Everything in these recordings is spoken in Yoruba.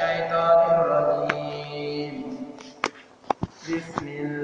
الشيطان الرجيم بسم الله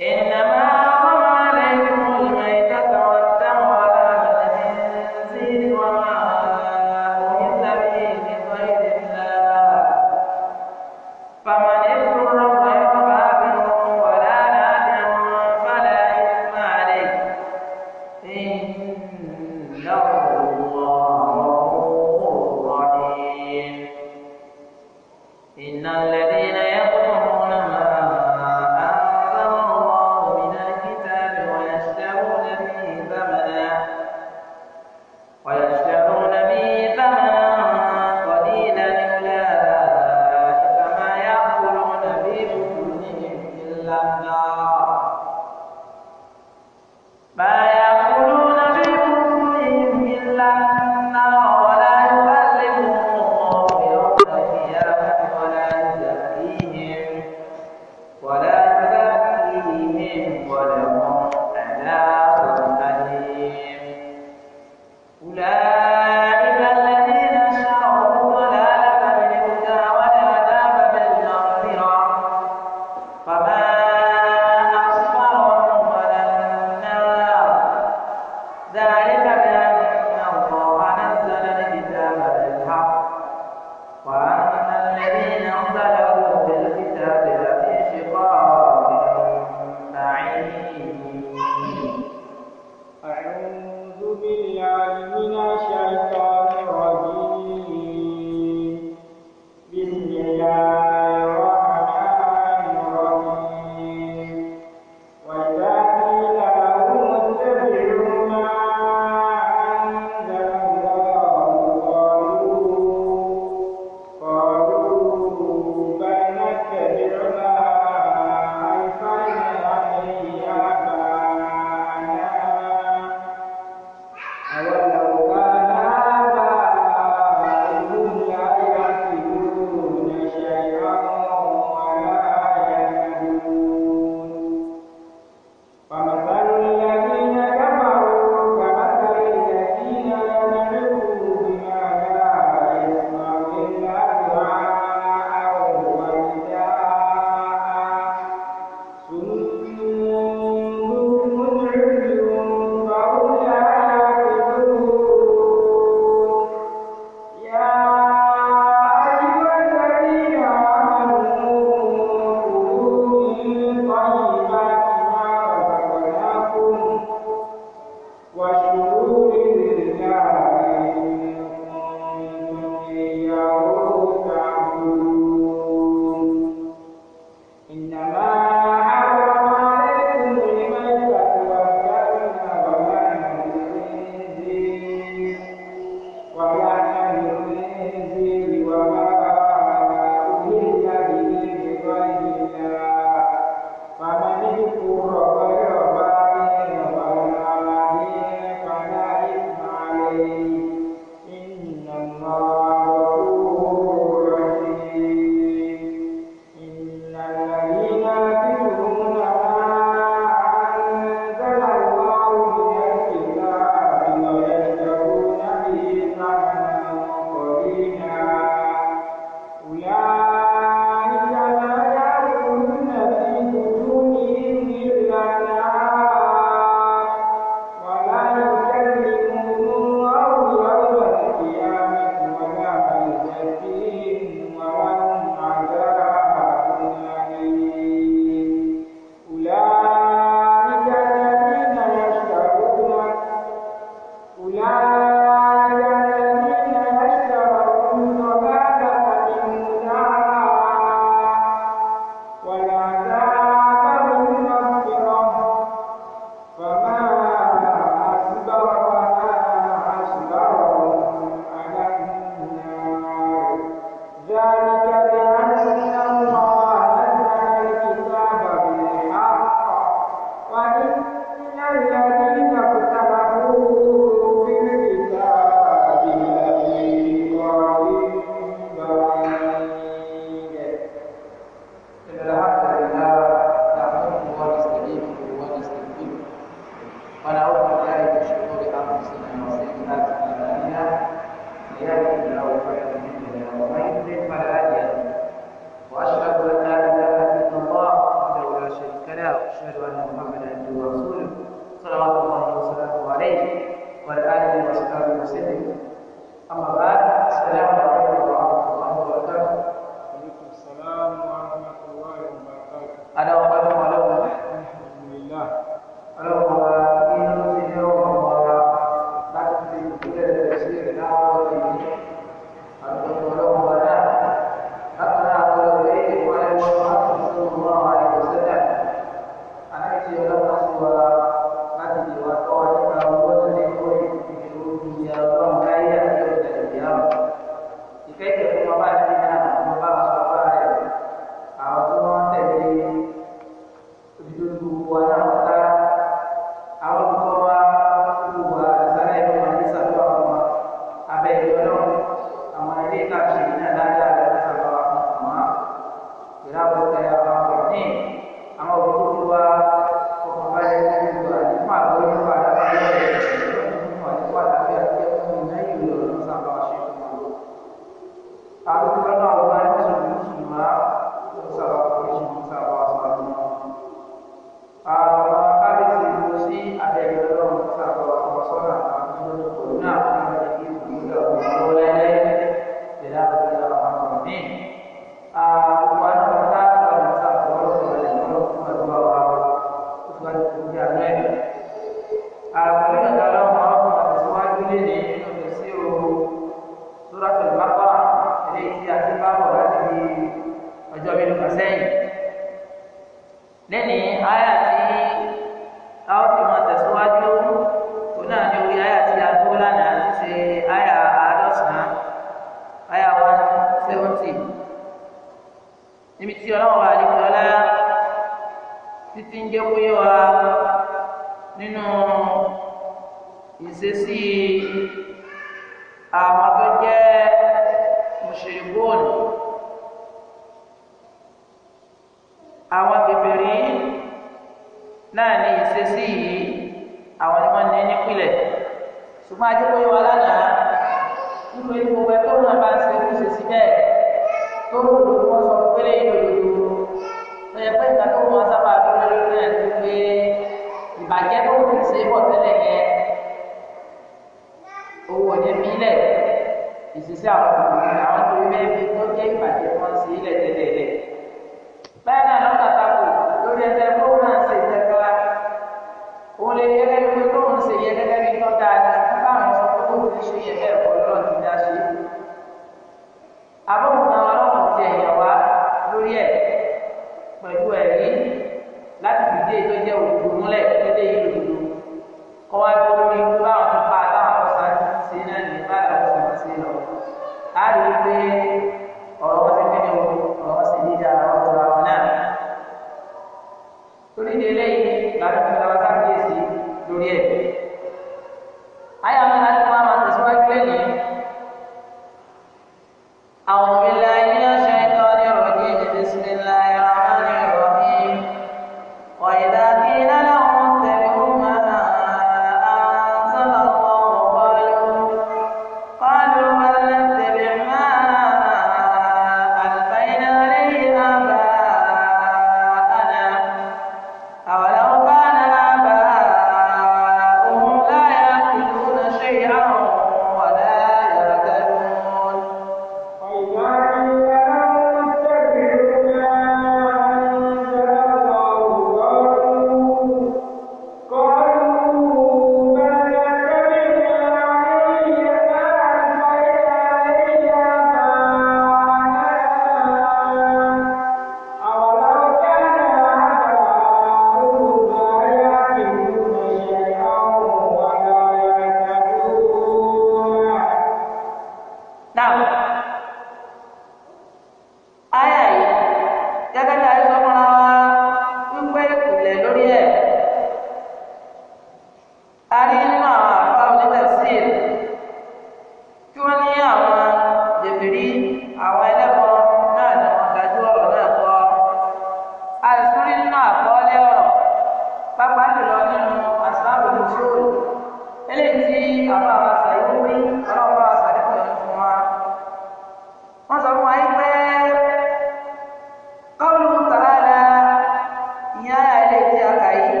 ní àyà ilé tí a kà yìí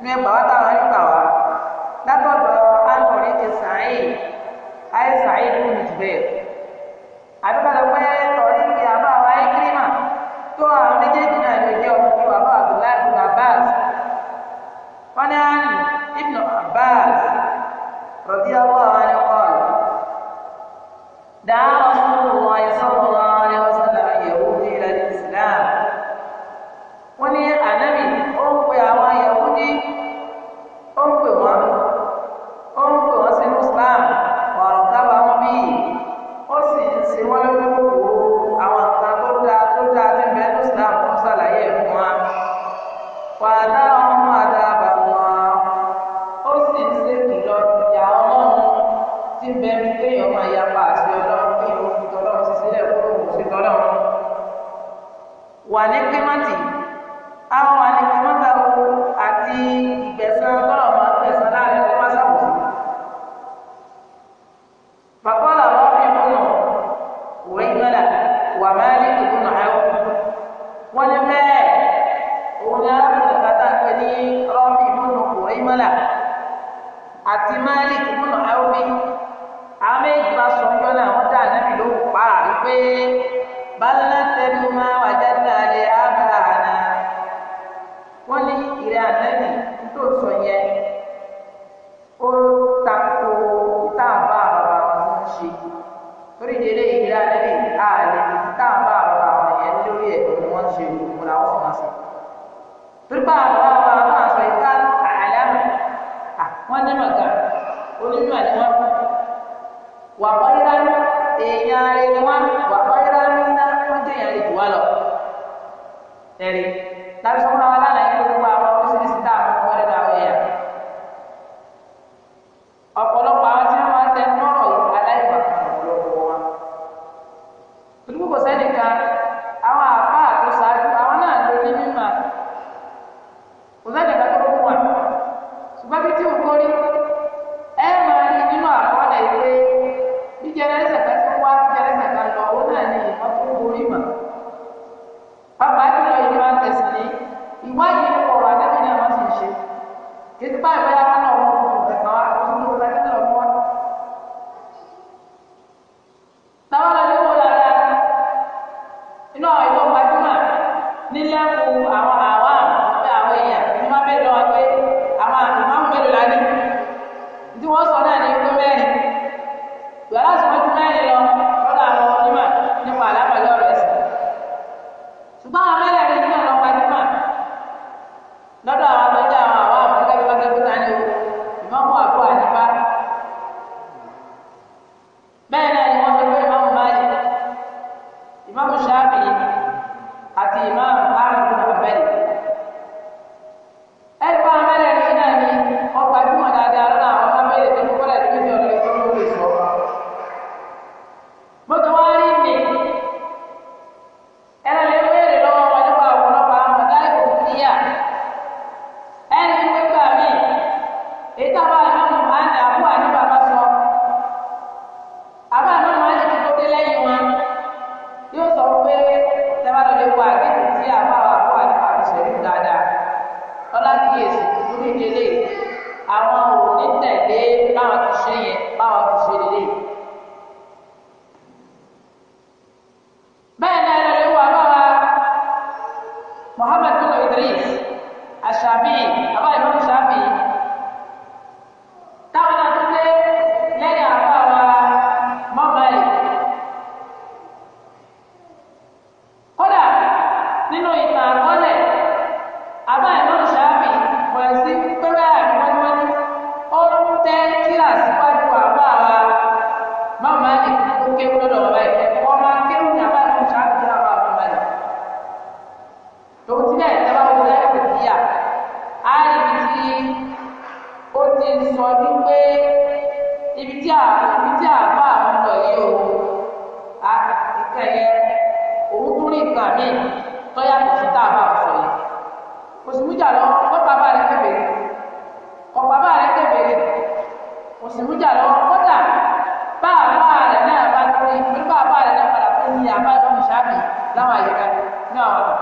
ní ẹgbàá wá táwọn nígbà wá látọ̀dọ̀ anọ̀rí ti sàáyé ayé sàáyé lónìí bẹ́ẹ̀. míì tọ́yà kò sí tá a bá sọ yìí kò sì mú jà lọ kọ́ bàbá rẹ kébèrè kọ́ bàbá rẹ kébèrè kò sì mú jà lọ kọ́dà bàbá rẹ náà bá lórí pé bàbá rẹ náà padà tó ní àbájọ́ mùsàbí láwọn àyíká ní àwọn àgbà.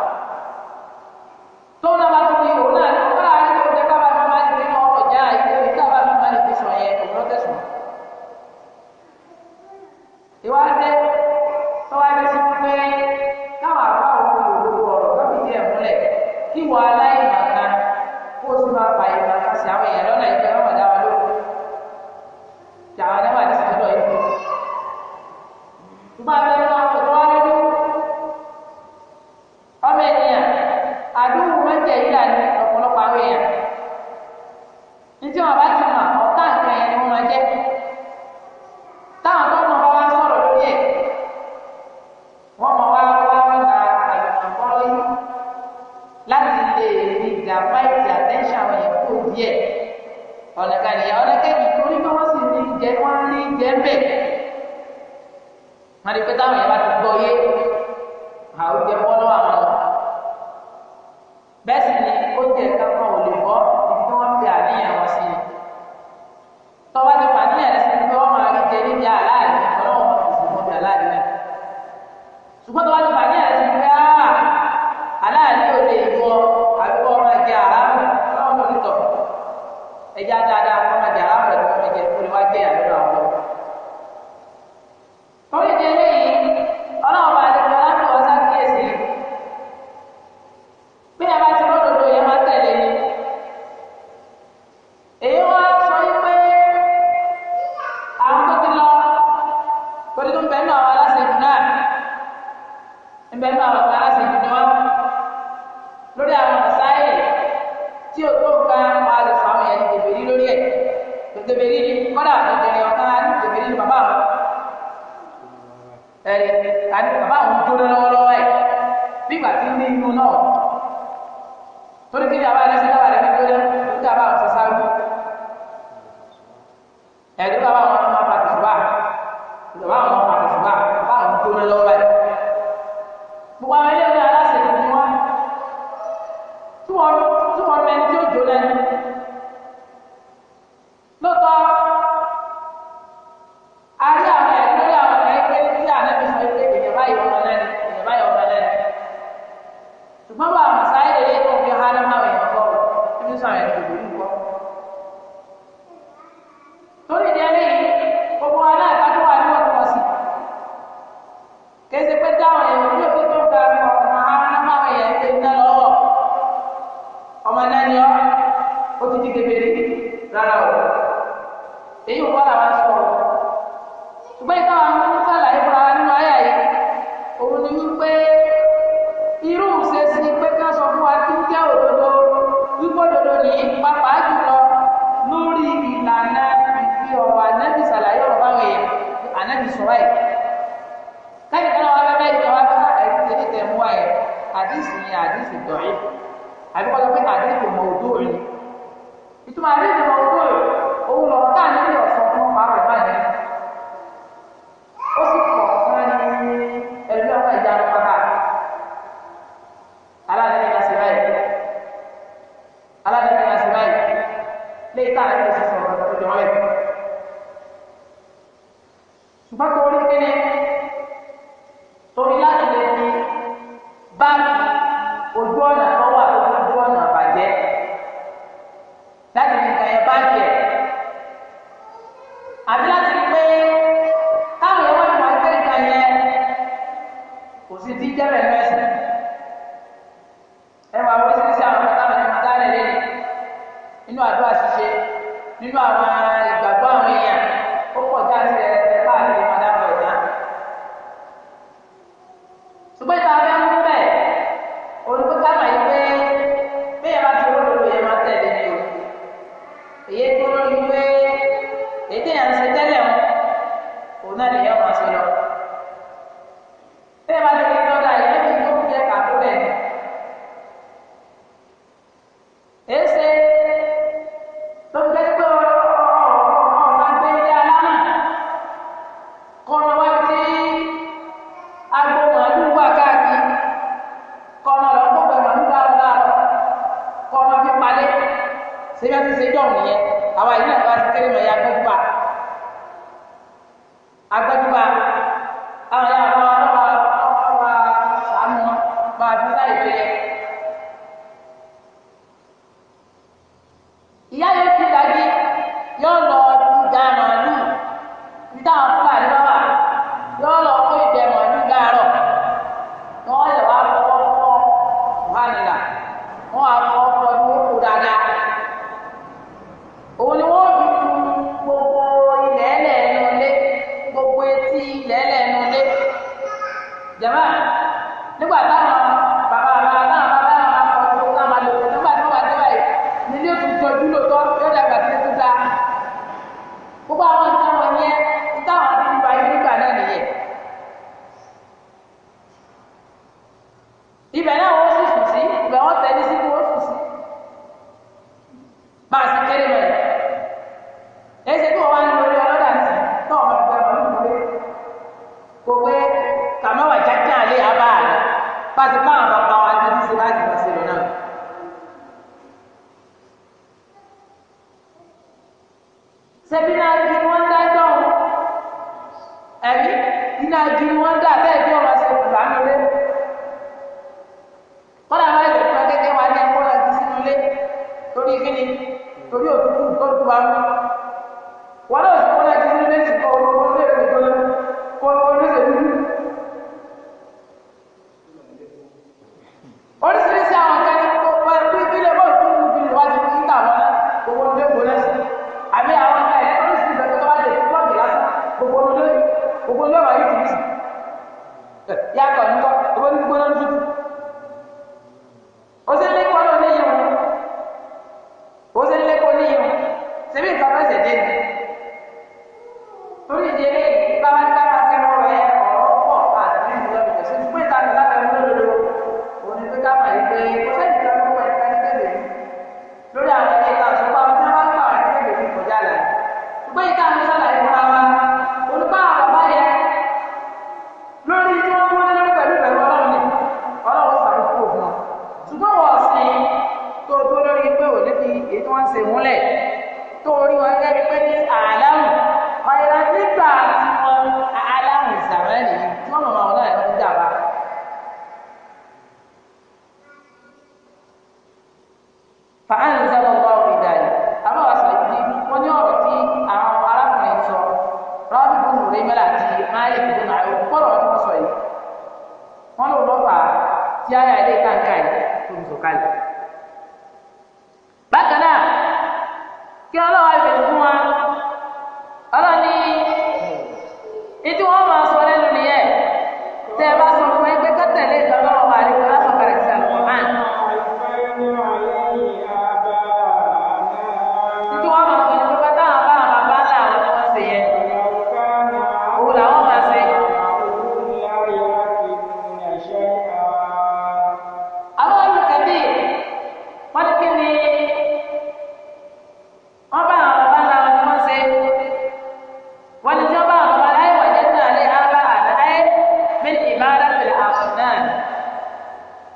Bye-bye.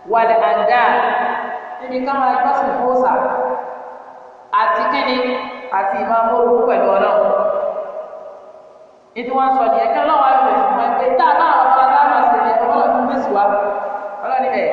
wàlẹ̀ àdá níbi ká máa gbọ́sìn fóòsà àti kíni àti ìmọ̀mọ́rú pẹ̀lú ọlọ́run ìdí wọn sọ nìyẹn kí ọlọ́run á lè fún wọn pé tá a bá àwọn ọmọ aláwọ̀ sí ni ọlọ́run tún gbèsè wa ọlọ́run ibẹ̀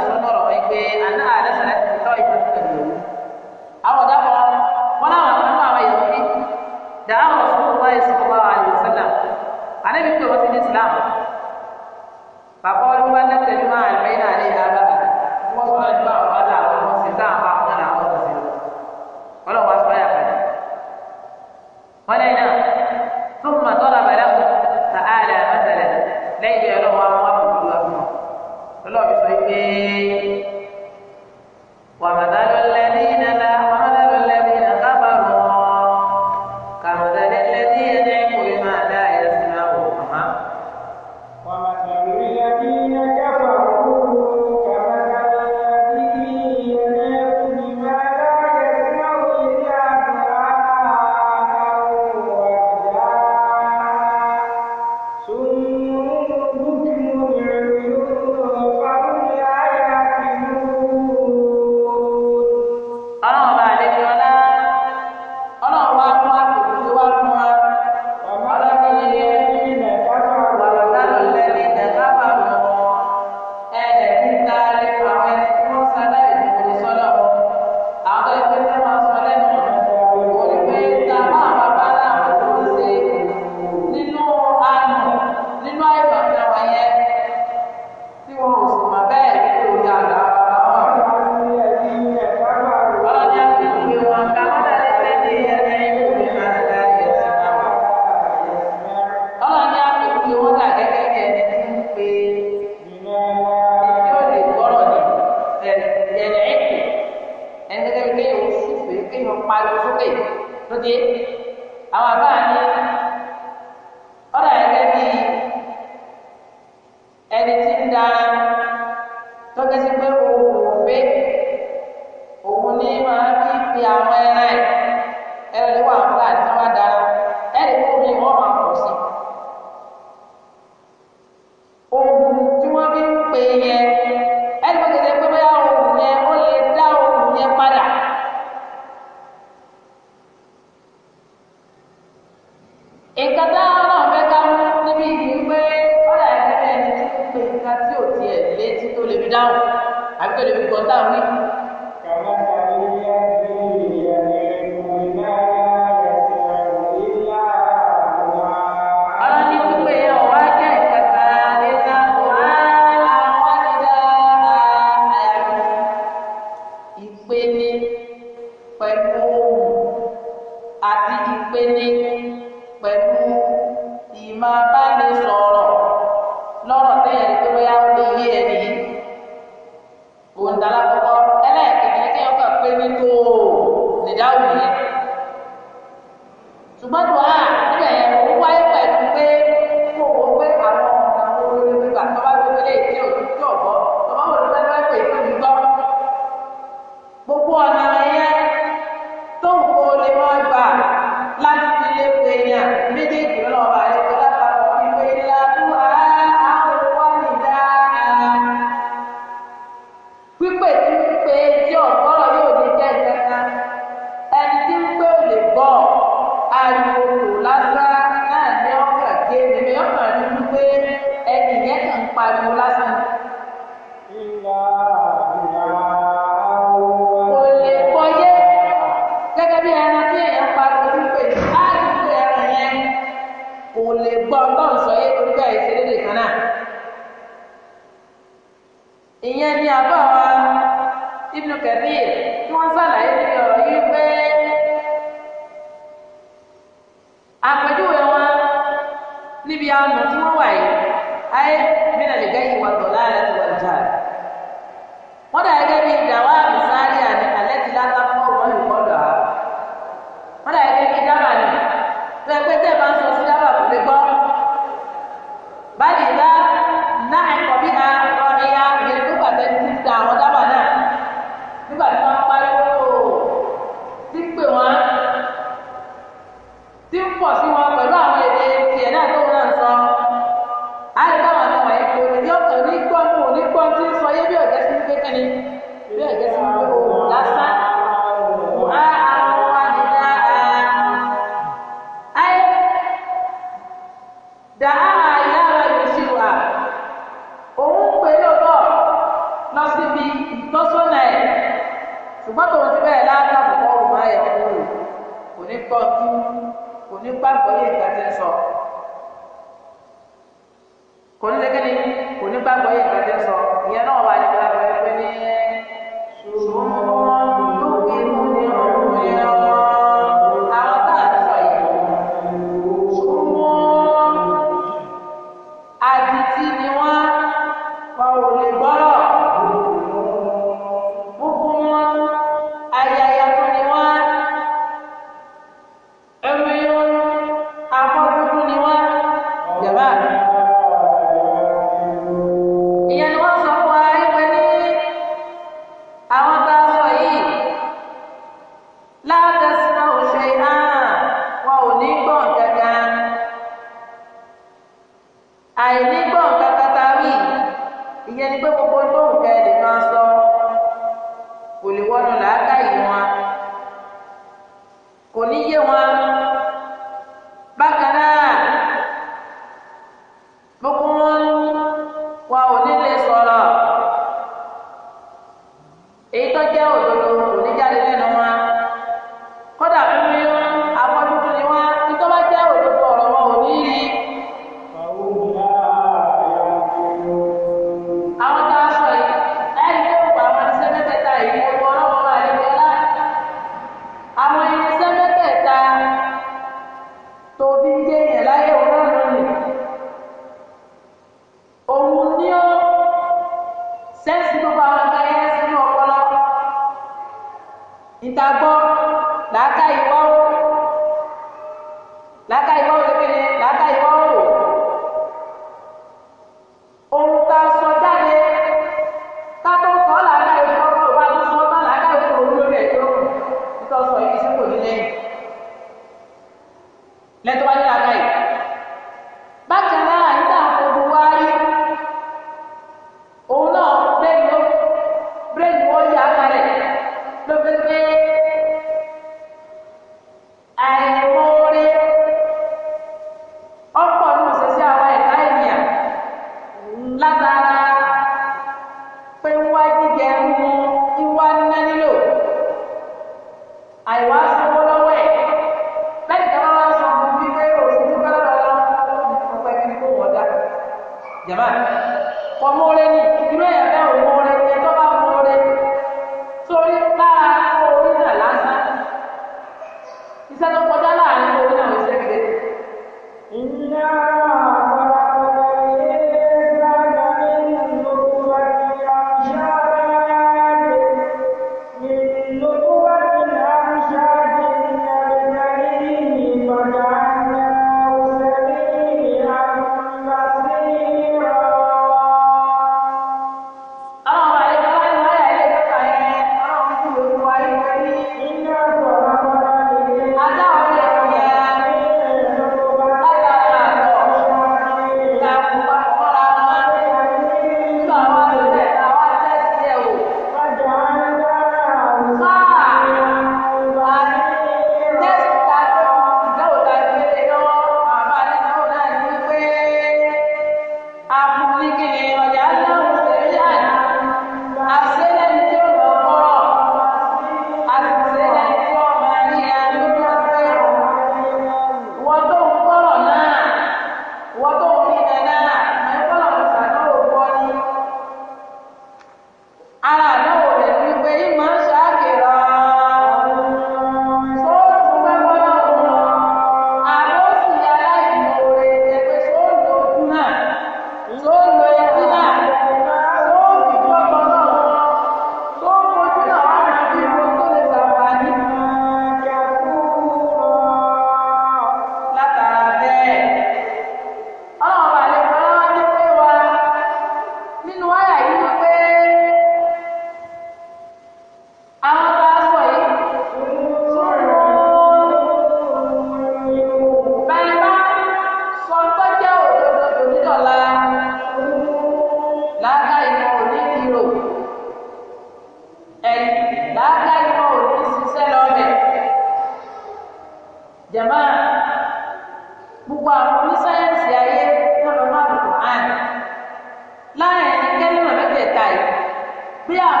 Пять.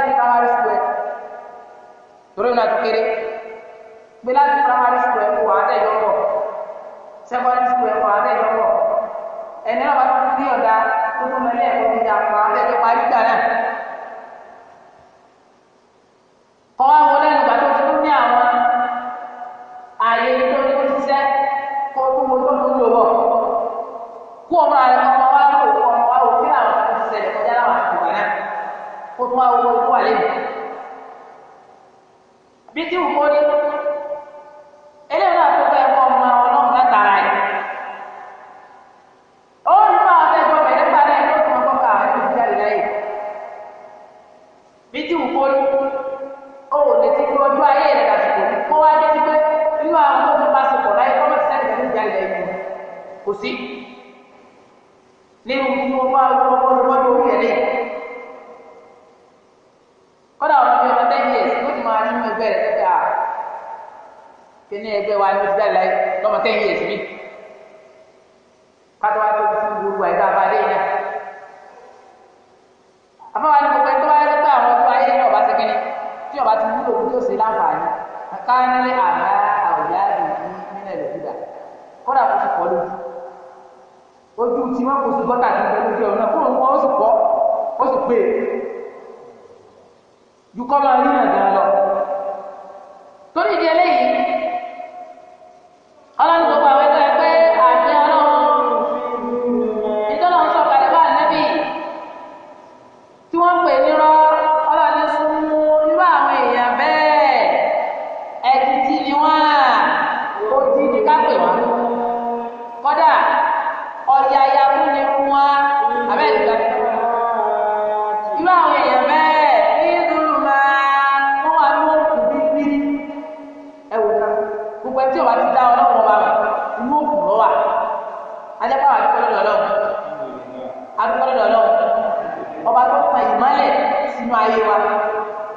láti primary school ẹ̀ torí náà ti kéré gbé láti primary school ẹ̀ kó wà á dẹ̀ yọ̀ bọ̀ secondary school ẹ̀ kó wà á dẹ̀ yọ̀ bọ̀ ẹni náà wà á tún ọ̀dà tó tún lọ ẹ̀kọ́ gíga kó wà á dẹ̀ yọ̀ náà. adúpẹ́ lọ́dọ̀ ọba tó pa ìmọ́lẹ̀ sínú ayé wa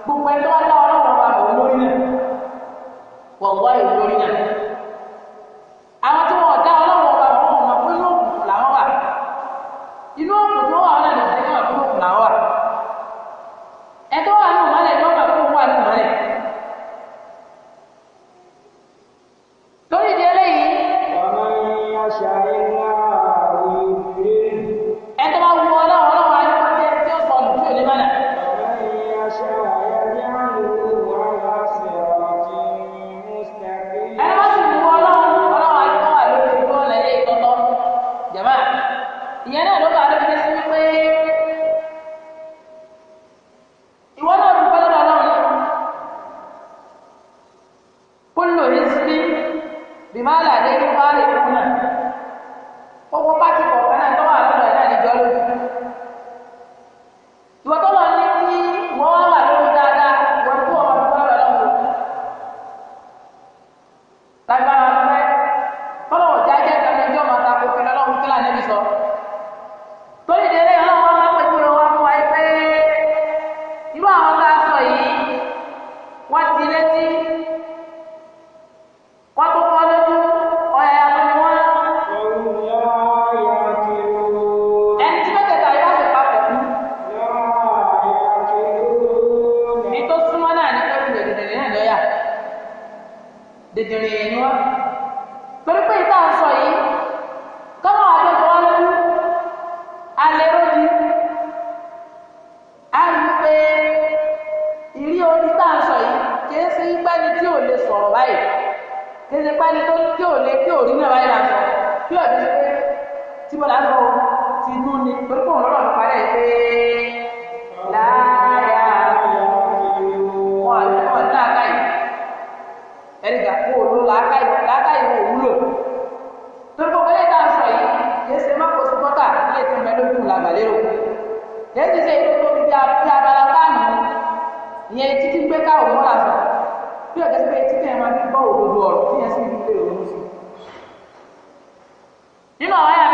gbogbo ẹni tó bá dá ọlọ́run ọba bò lórí náà wọ̀wọ́ ìlú lórí náà. làgbàlérò lẹ́sìn ṣe ìlú tó fi bí abala fáànù ìyẹn etí tí ń gbé káwọn mọ́ làṣọ bí ọ̀gá sí pé etí tí ẹ̀ máa fi gbọ́ òdodo ọ̀rọ̀ tí yẹn sì ń fi lè sí. nínú àwọn ẹ̀yà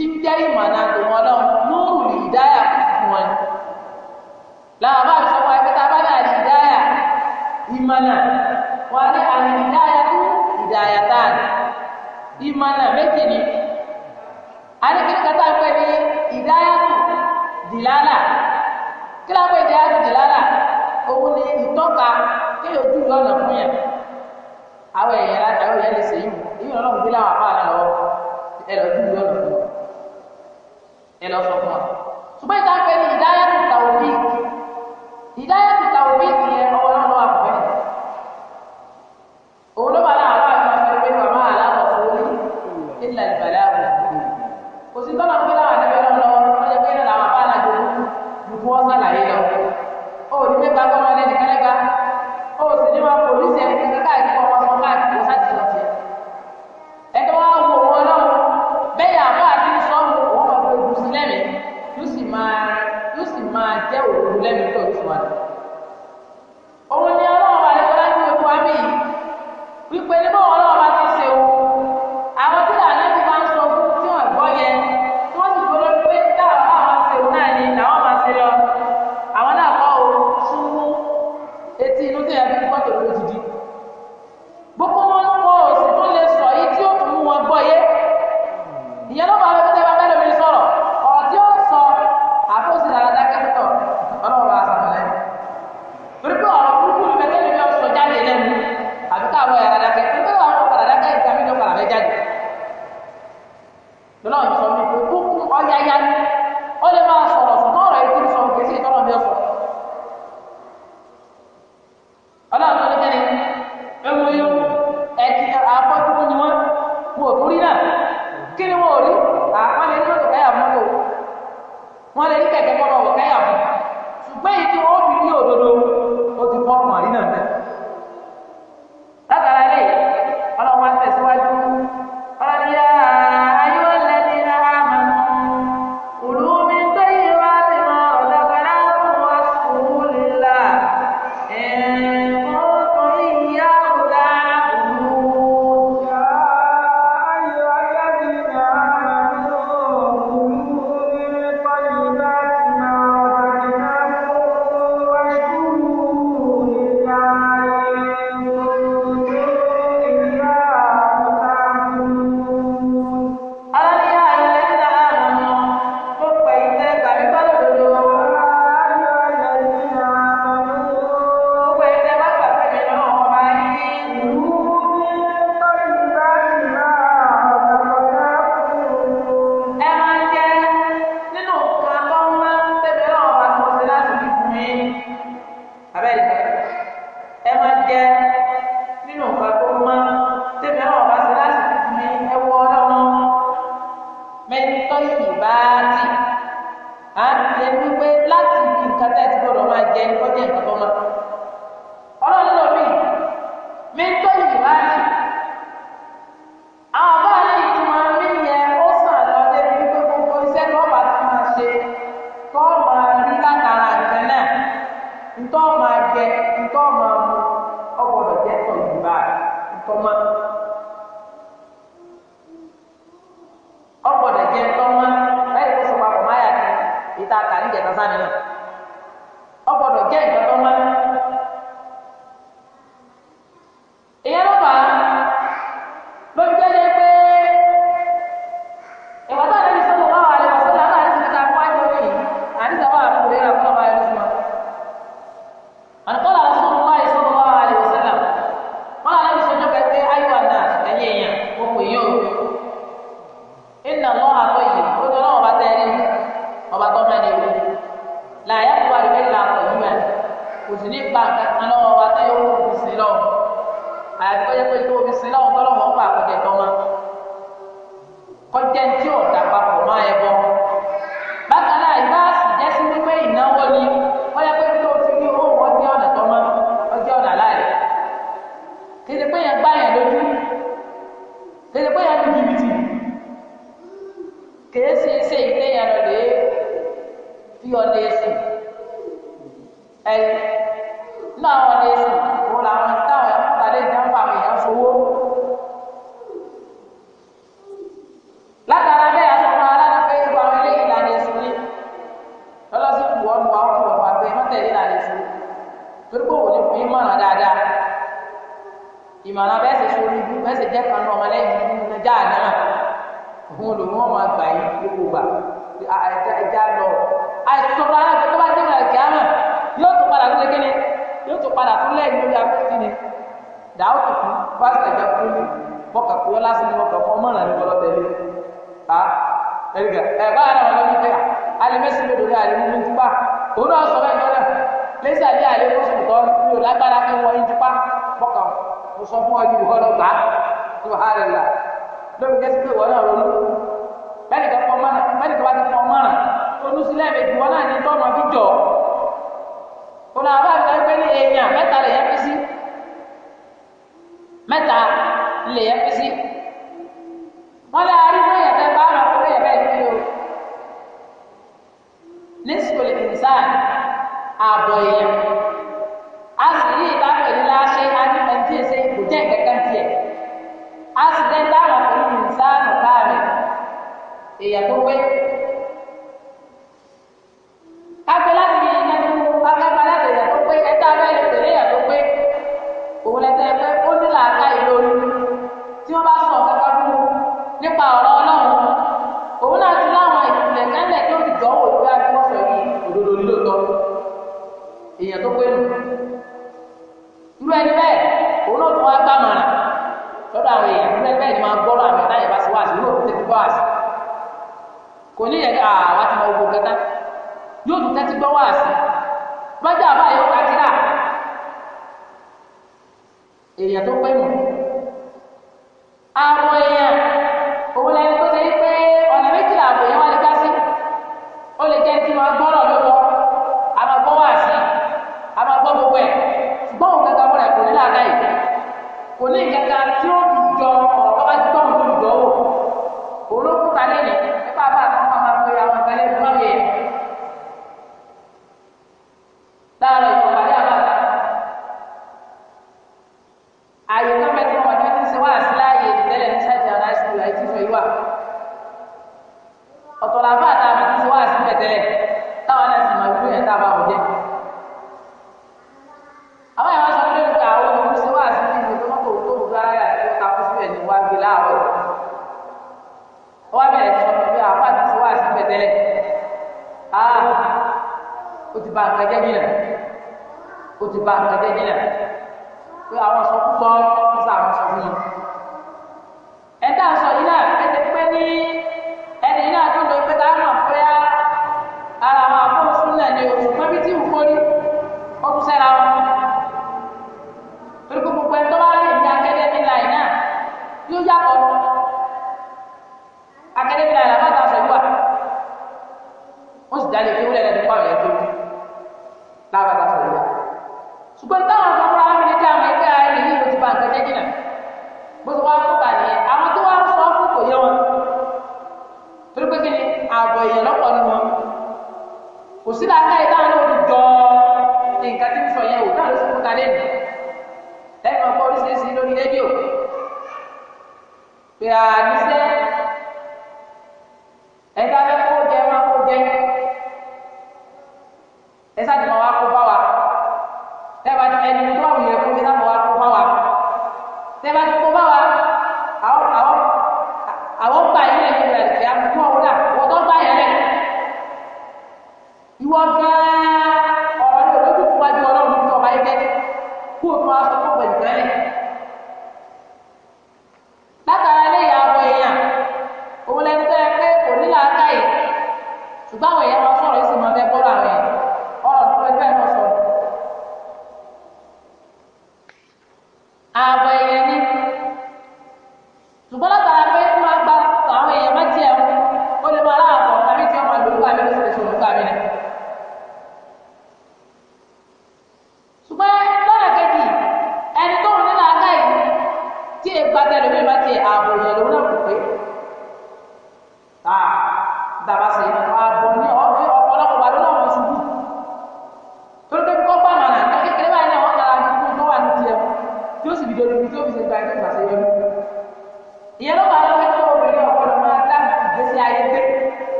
tí ń jẹ́ ìmọ̀nà tòun ọlọ́run lóòrùn ìdáyà fún wọn ni. làwọn bá sọ wọn pé tábà náà ní ìdáyà ìmọ̀nà wọn ní àmì ìdáyà fún ìdáyà táà ìmọ̀nà méjì ni. àdékìrì kata pé ní ìdáyà tó dìlálà kí lápò ìdáyà tó dìlálà òun ni ìtọ́ka kéèyàn ojú lọ́nà fún yẹn àwọn èèyàn láti àwọn èèyàn lè ṣèyí ìyẹn ọlọ́run gbé láwọn àpá àná lọ́wọ́ ẹ̀rọ ojú lọ́nà ẹlọ́sọ̀fún wa ṣùgbọ́n ìtàn pẹ̀lú ìdáyàtú tàwọn bíi ìdáyàtú tàwọn bíi ìyẹn ọwọ́ lọ́nà ìsọ̀rọ̀ mi kò kún ọ̀yáyá ni ó lè máa sọ̀rọ̀ ṣùgbọ́n ọ̀rọ̀ ètò ìsọ̀rọ̀ kìí ṣe ìtọ́nà mi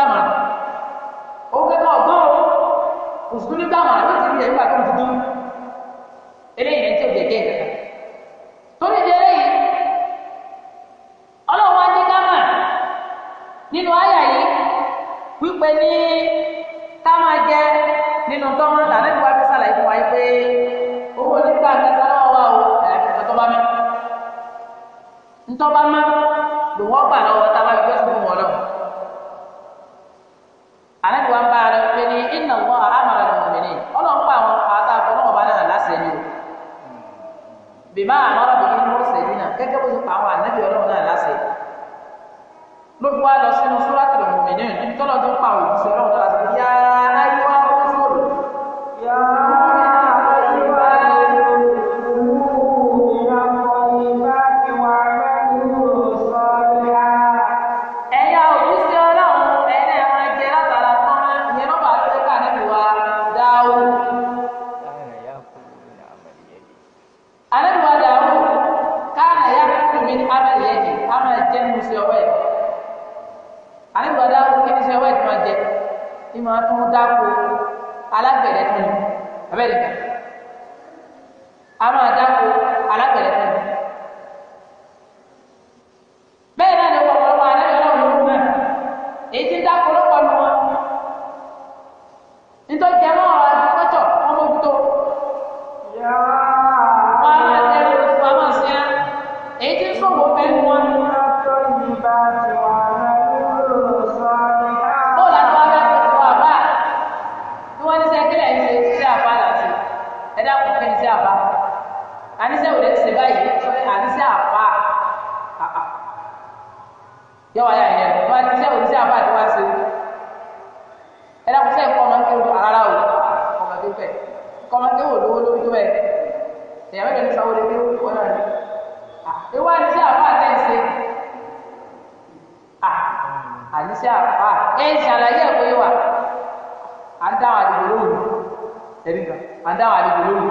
gbàmọ̀ràn òun kẹ́kọ̀ọ́ gbọ́ òun kò sì tún ní gbàmọ̀ràn ló ti rí ẹ̀yìn bàtà òun ẹ ṣàlàyé ẹ̀kọ́ yìí wà à ń dáhùn àdìgbò lóhùn ẹ̀rí kan à ń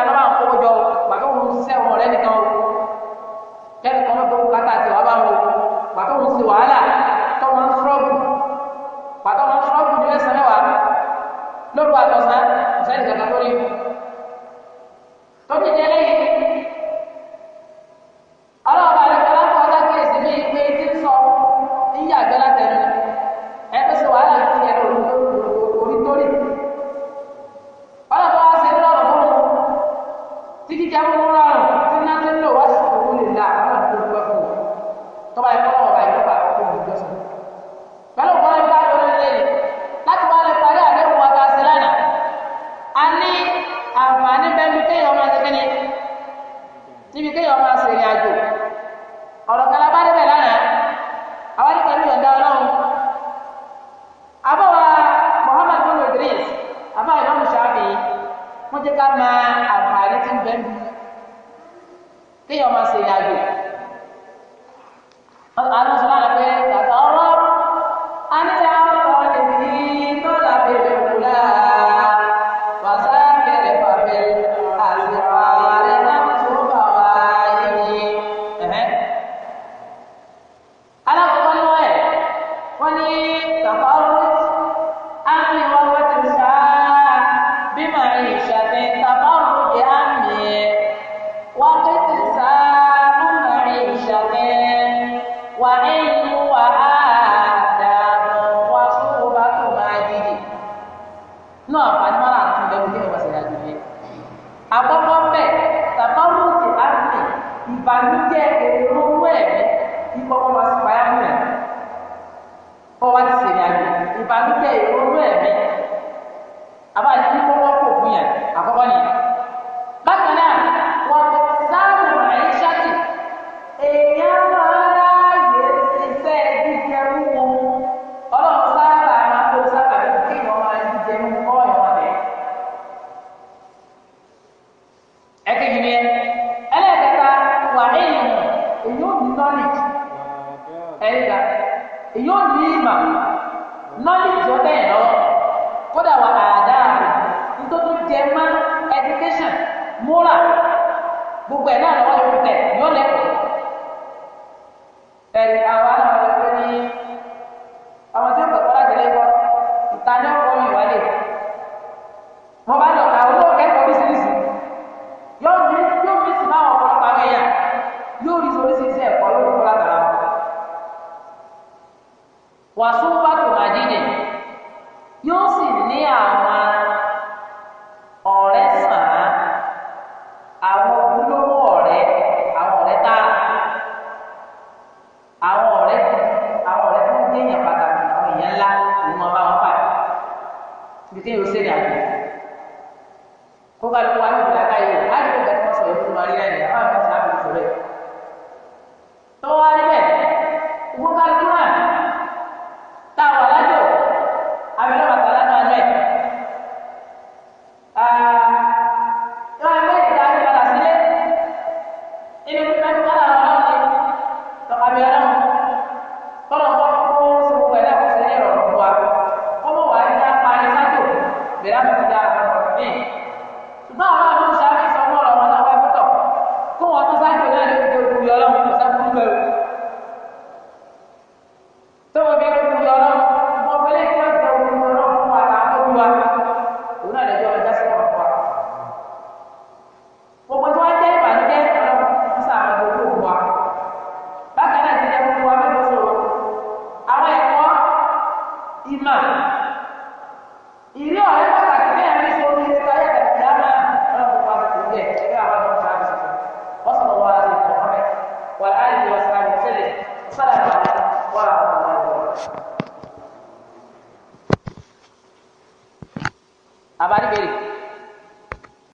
alábà ń kówó jọ pàtó òun sẹ́wọ̀n rẹ nìkan o kẹ́nìkan mọ́tò kátà ti wà bá wọn pàtó òun sì wàhálà এক এক